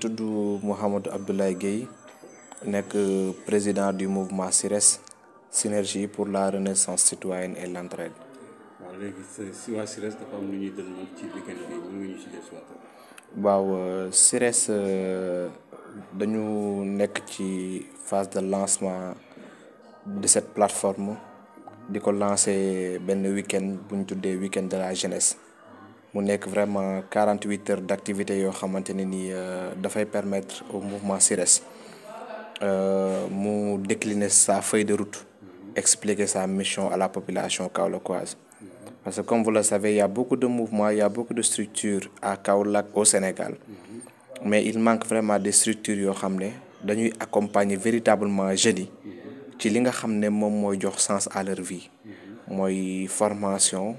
tudd Mohamed Abdoulaye Guèye président du mouvement CIRES synergie pour la renaissance citoyenne et l'entraide. waaw léegi si waa CIRES dafa am lu ñuy dënnu ci weekend la mën nga ñu si dellusiwaat. waaw euh, euh, dañu ci phase de lancement de cette plateforme qui a été lancée weekend week-end weekend de la jeunesse mu nekk vraiment 48 heures d'activité activité yoo euh, permettre au mouvement CIRES euh, mu décliner sa feuille de route expliquer sa mission à la population kaolokoise. parce que comme vous le savez il y a beaucoup de mouvements il y a beaucoup de structures à Kaolack au Sénégal mais il manque vraiment des structures qui xam ne dañuy accompagner véritablement jeunes yi ci li nga xam ne sens à leur vie mooy formation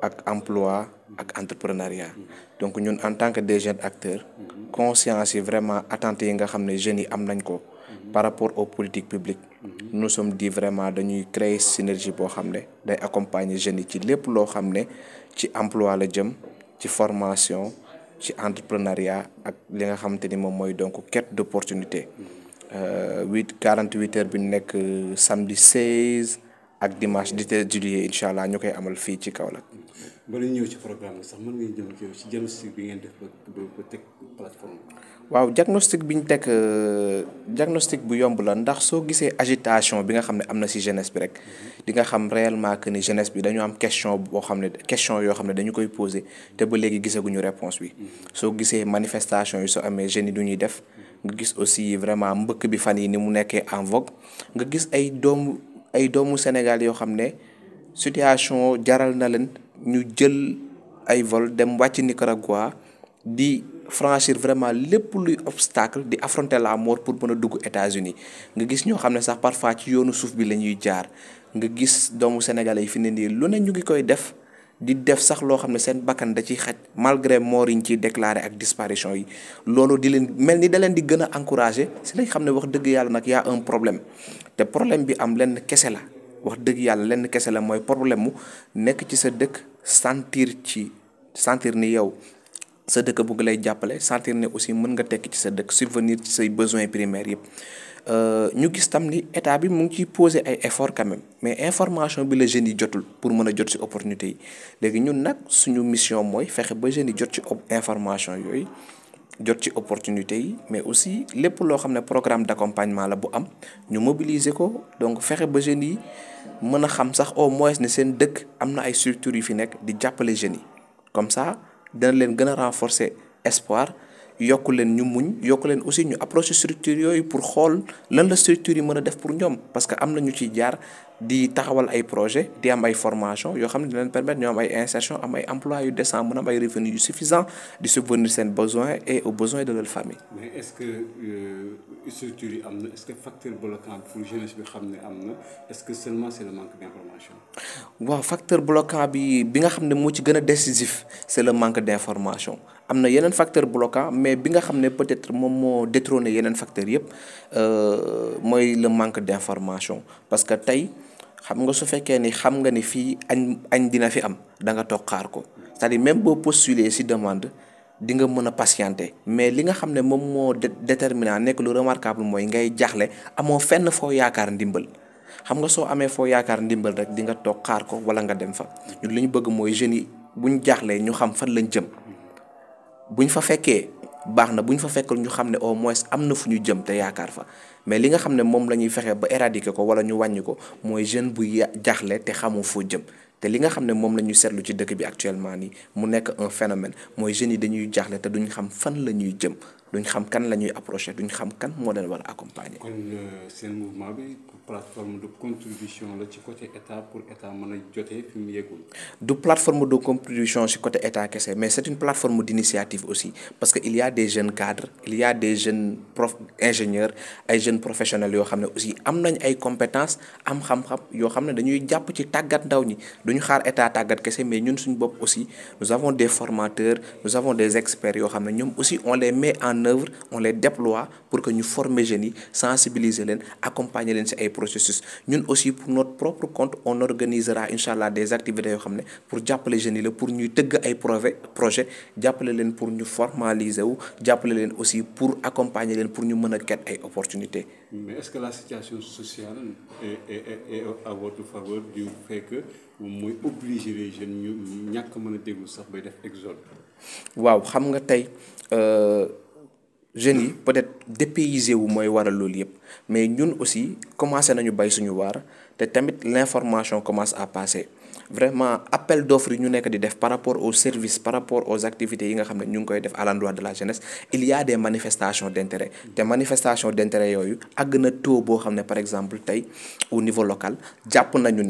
ak emploi ak entrepreneuriat donc nous en tant que des jeunes acteurs conscients c'est vraiment attentes à ce que les jeunes yi par rapport aux politiques publiques nous sommes dit vraiment dañuy créer synergie pour xam ne day accompagner jeunes qui ci lépp loo xam ci la formation ci entrepreneuriat ak li nga xamante ni donc quête d'opportunités. Euh, huit quarante heures bi euh, samedi 16 ak dimanche Dité, juillet amal fi ci Kaolack. programme sax ci diagnostic bi ngeen def ba plateforme waaw diagnostic bi euh, diagnostic agitation bi nga xam jeunesse bi rek di nga xam que jeunesse bi dañu am question question dañu koy poser réponse bi manifestation yi soo amee jeunes yi du def aussi vraiment bi ni en vogue nga ay doomu. ay doomu Sénégal yoo xam ne situation jaral na leen ñu jël ay vol dem wàcc Nicaragua di franchir vraiment lépp luy obstacle di affronter la mort pour mën a dugg États-Unis nga gis ñoo xam ne sax parfois ci yoonu suuf bi la ñuy jaar nga gis doomu Sénégal yi fi ne nii lu ne ñu ngi koy def. di def sax loo xam ne seen bakkan da ciy xaj malgré mort yi ñu ciy déclaré ak disparition yi loolu di leen mel ni da leen di gën a encouragé si lañ xam ne wax dëgg yàlla nag y a un problème te problème bi am lenn kese la wax dëgg yàlla lenn kese la mooy problème mu nekk ci sa dëkk sentir ci sentir ni yow sa dëkk bu lay jàppale sentir ne aussi mën nga tekk ci sa dëkk subvenir ci say besoins primaires yëpp Nous euh, gis tam ni état bi même mais information bi jotul pour mën a jot ci opportunité mission mooy fexe ba jeune information mais aussi lépp loo xam programme d'accompagnement la bu am mobiliser donc fexe ba yi xam ne ay structures yu fi nekk di comme ça nous leen renforcer espoir yokk leen ñu muñ yokk leen aussi ñu approche structure yooyu pour xool lan la structure yi mën a def pour ñoom parce que am na ñu ciy jaar di taxawal ay projet di am ay formation yoo xam ne di permettre ñu ay insertion am ay emploi yu décent am ay revenus yu suffisant di subvenir seen besoin et aux besoins de leur famille. mais est-ce que euh, structure yi am est-ce que facteur bloquant pour jeunesse bi xam ne est-ce que seulement c'est le manque d'information. waaw facteur bloquant bi bi nga xam ne ci décisif c'est le manque d'information am na yeneen facteur bloquant mais bi nga xam peut-être moom moo détrôné yeneen facteurs yépp euh, le manque d'information parce que tey. xam nga su fekkee ni xam nga ni fii añ añ dina fi am da nga toog xaar ko cest à même boo postuler si demande di nga mën a patienter mais li nga xam ne moom moo déterminant nekk lu remarquable mooy ngay jaaxle amoo fenn foo yaakaar ndimbal xam nga soo amee foo yaakaar ndimbal rek di nga toog xaar ko wala nga dem fa ñun li ñu bëgg mooy jeunes yi buñ jaaxlee ñu xam fan lañ jëm buñ fa fekkee baxna buñ fa ñu au moins amna fuñu jëm fa mais li nga xamné ne lañuy la ba éradiquer ko wala ñu ko jeune bu jaxlé té xamu fu jëm té li nga xamné ne lañuy sétlu ci dëkk bi actuellement ni mu nekk un phénomène moy nous yi dañuy jaxlé té duñ xam fan nous jëm duñ xam kan la nous duñ xam kan mo war accompagner. Euh, plateforme de contribution la ci côté état pour état mën a fi mu du plateforme de contribution ci côté état kessé mais c'est une plateforme d'initiative aussi parce que il y a des jeunes cadres il y a des jeunes prof ingénieurs ay jeunes professionnels yo xamné aussi am nañ ay compétences am xam-xam yo xamné dañuy japp ci tagat ndaw ñi duñu xaar état tagat kessé mais ñun suñ bop aussi nous avons des formateurs nous avons des experts yo xamné ñom aussi on les met en œuvre on les déploie pour que ñu former jeunes yi sensibiliser leen accompagner leen ci ay processus Nous aussi pour notre propre compte on organisera Inch'Allah, des activités pour nous appeler pour jeunes pour nous dégager ay projet pour nous formaliser pour nous aussi pour accompagner pour nous mener des opportunités. mais est-ce que la situation sociale est, à votre faveur du fait que vous obligez les jeunes à ñàkk mën a faire sax bay def exode. waaw xam euh, jeunes yi peut-être dépaysé ou moins, waral mais nous aussi nous nañu bay suñu waar te tamit l'information commence à passer vraiment appel d'offres ñu nekk di par rapport aux services par rapport aux activités yi nga xam ne ñu à l'endroit de la jeunesse il y a des manifestations d'intérêt Des manifestations d'intérêt yooyu àgg na par exemple au niveau local jàpp nañu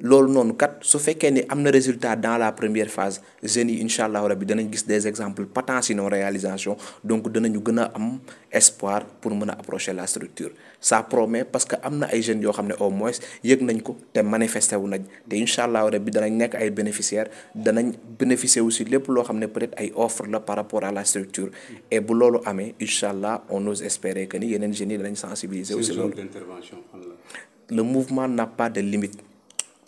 loolu non kat su fekkee ni am na résultat dans la première phase jeunes yi incha allahu rabi danañ des exemples potentiels réalisation donc danañu gën a am espoir pour mën approcher la structure ça promet parce que am na ay jeunes yoo xam ne au moins yëg nañ ko te manifesté wu nañ te incha allahu rabi danañ nekk ay bénéficiaires danañ bénéficier aussi lépp loo xam ne peut-être ay offre la par rapport à la structure et bu loolu amee incha allah on ose espérer que ni yeneen jeunes yi danañ sensibiliser aussi le mouvement n'a pas de limite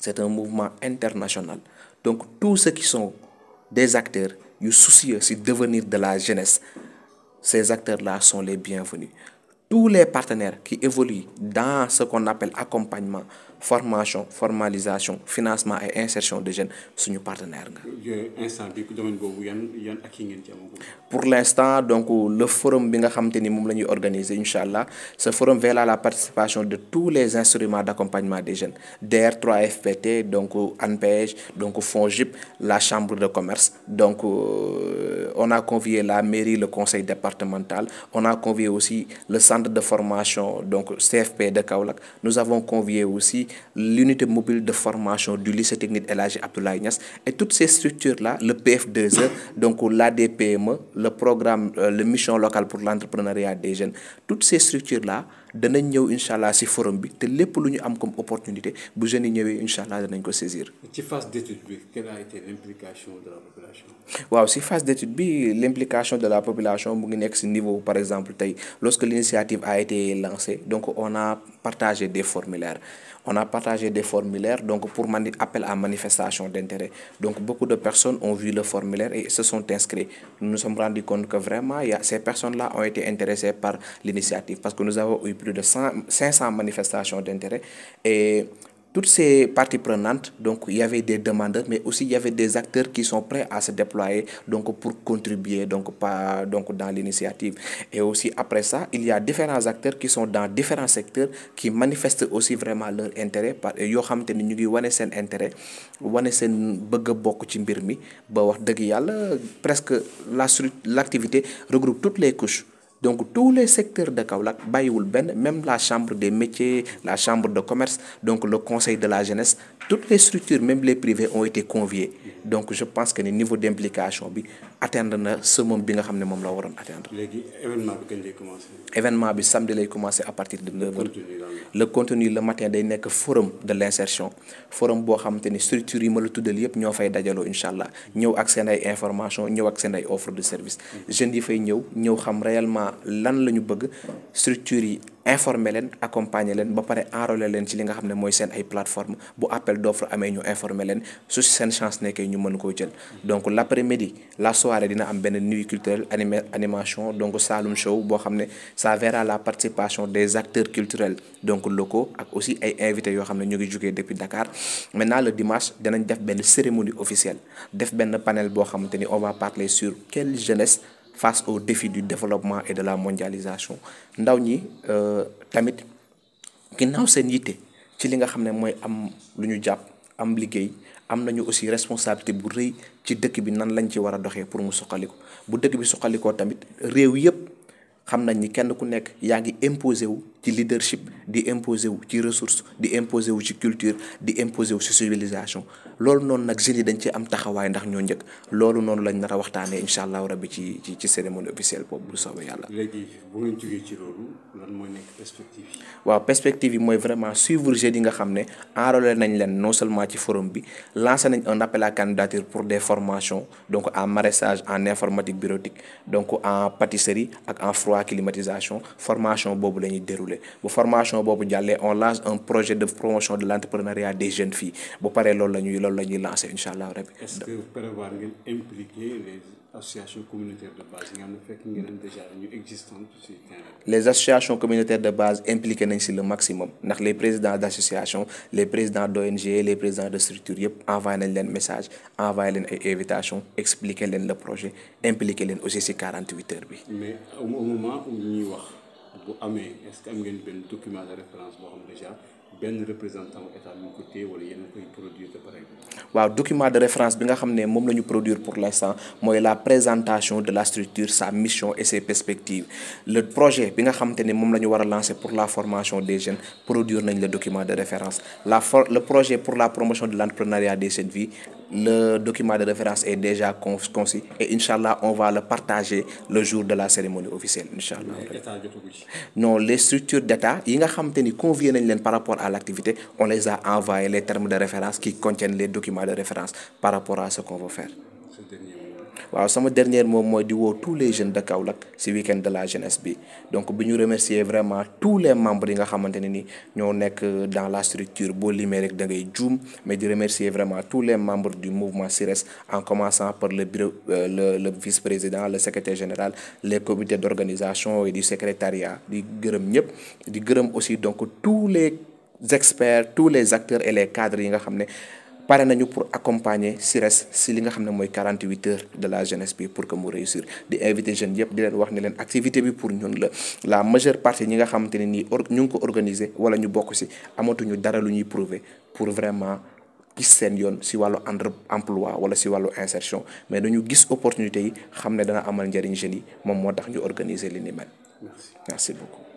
c'est un mouvement international. Donc tous ceux qui sont des acteurs, ils soucieux de devenir de la jeunesse, ces acteurs-là sont les bienvenus. Tous les partenaires qui évoluent dans ce qu'on appelle accompagnement, formation formalisation financement et insertion des jeunes sur nos partenaires pour l'instant donc le forum que nous avons organisé Inchallah ce forum veille à la participation de tous les instruments D'accompagnement des jeunes dr 3FPT donc ANPEJ donc FONGIP la chambre de commerce donc euh, on a convié la mairie le conseil départemental on a convié aussi le centre de formation donc CFP de Kaulak. nous avons convié aussi l'unité mobile de formation du lycée technique El Abdoulaye et toutes ces structures-là, le PF2E, donc l'ADPME, le programme, euh, le mission locale pour l'entrepreneuriat des jeunes, toutes ces structures-là danañ ñëw inshallah forum bi te lépp lu ñu am comme opportunité bu jeunes yi phase d'étude quelle a été l'implication de la population. waaw si phase d'étude bi l'implication de la population niveau par exemple lorsque l'initiative a été lancée donc on a partagé des formulaires on a partagé des formulaires donc pour mani appel à manifestation d'intérêt donc beaucoup de personnes ont vu le formulaire et se sont inscrits nous nous sommes rendus compte que vraiment y a ces personnes là ont été intéressées par l'initiative parce que nous avons eu plus de 500 manifestations d'intérêt. Et toutes ces parties prenantes, donc il y avait des demandeurs, mais aussi il y avait des acteurs qui sont prêts à se déployer donc pour contribuer donc, pas donc dans l'initiative. Et aussi après ça, il y a différents acteurs qui sont dans différents secteurs qui manifestent aussi vraiment leur intérêt par intérêt a presque la regroupe toutes les couches donc tous les secteurs de Kaolack même la chambre des métiers la chambre de commerce donc le conseil de la jeunesse toutes les structures même les privés ont été conviés donc je pense que le niveau d'implication atteindre na summum bi nga xam ne moom la waroon atteindre. léegi événement bi kañ lay commencé. à partir de 9h. le contenu le matin day nekk forum de l' forum boo xamante ni structures yi ma la tuddal yëpp ñoo fay dajaloo incha allah ñëw ak seen ay information ñëw ak seen de service jeunes yi fay ñëw ñëw xam réellement lan la ñu bëgg structures yi. informer leen accompagner leen ba pare enrôler leen ci li nga xam ne mooy seen ay plateforme bu appel d'offre amee ñu informer leen su seen chance nekkee ñu mën koo jël donc la soirée soirée dina am ben nuit culturelle animé animation donc Saloum Show bo xamné ça verra la participation des acteurs culturels donc locaux ak aussi ay invités yo xamné ne ñu ngi depuis Dakar maintenant le dimanche dinañ def une cérémonie officielle def ben panel un xamné on va parler sur quelle jeunesse face aux défis du développement et de la mondialisation ndaw ñi euh, tamit ginnaaw seen yité ci li nga xamné moy am luñu japp jàpp am liggéey am nañu aussi responsabilité bu rëy ci dëkk bi nan lañ ci war a doxee pour mu suqaliko bu dëkk bi suqalikoo tamit réew yëpp xam nañ ni kenn ku nekk yaa ngi imposé wu ci leadership di imposer wu ci ressources di imposer wu ci culture di imposer wu ci civilisation loolu noonu nag jeunes yi dañ ci am taxawaay ndax ñoo njëkk loolu noonu lañ nar a waxtaanee incha allahu rabbi ci ci ci cérémonie officielle boobu bu soobee yàlla. léegi bu ngeen jógee ci loolu lan mooy nekk perspective yi. waaw perspective yi mooy vraiment suivre jeunes yi nga xam ne enrôlé nañ leen non seulement ci forum bi lancé nañ un appel à candidature pour des formations donc en maraîchage en informatique bureautique donc en pâtisserie ak en froid climatisation formation boobu la ñuy dérouler la formation on lance un projet de promotion de l'entrepreneuriat des jeunes filles Bo paré de lañuy ñuy lañuy lancer est ce que vous pouvez impliquer les associations communautaires de base déjà existantes les associations communautaires de base Impliquent le maximum les présidents d'associations les présidents d'ONG les présidents de structures Envoyent envoyé nañ leen message envoyé leen ay invitation expliquer le projet impliquer aussi ces 48 heures mais au moment où ñuy wax est ce que am a un document de référence boo xam déjà benn représentant est à ngi ko téye wala yéen produire de pareil. waaw document de référence bi nga xam ne produire pour l'instant instant la présentation de la structure sa mission et ses perspectives le projet bi nga xam lancer pour la formation des jeunes produire nañ le document de référence la le projet pour la promotion de l'entrepreneuriat de des jeunes vie le document de référence est déjà conçu et Inch'Allah, on va le partager le jour de la cérémonie officielle. Non, les structures d'État, par rapport à l'activité, on les a envoyé les termes de référence qui contiennent les documents de référence par rapport à ce qu'on veut faire waaw sama dernier mot mooy di tous les jeunes de Kaolack ce week-end de la jeunesse donc je ñu remercier vraiment tous les membres yi nga xamante ni ñoo nekk euh, dans la structure boo mais di remercier vraiment tous les membres du mouvement CIRES en commençant par le euh, le vice-président le secrétaire général les comités d'organisation et du secrétariat di gërëm di aussi donc tous les experts tous les acteurs et les cadres yi nga pare nañu pour accompagner CIRES si li nga xamné moy 48 heures de la jeunesse bi pour que mu réussir di inviter jeune yépp di leen wax ni leen activité bi pour ñun la la majeure partie ñi nga xamante ni ñu ko organiser wala ñu bokk amatu ñu dara lu ñuy prouver pour vraiment. gis seen yoon si wàllu entre emploi wala si wàllu insertion mais dañu gis opportunité yi xam ne dana amal njëriñ jeunes yi moom moo tax ñu organiser li ni mel. merci merci beaucoup.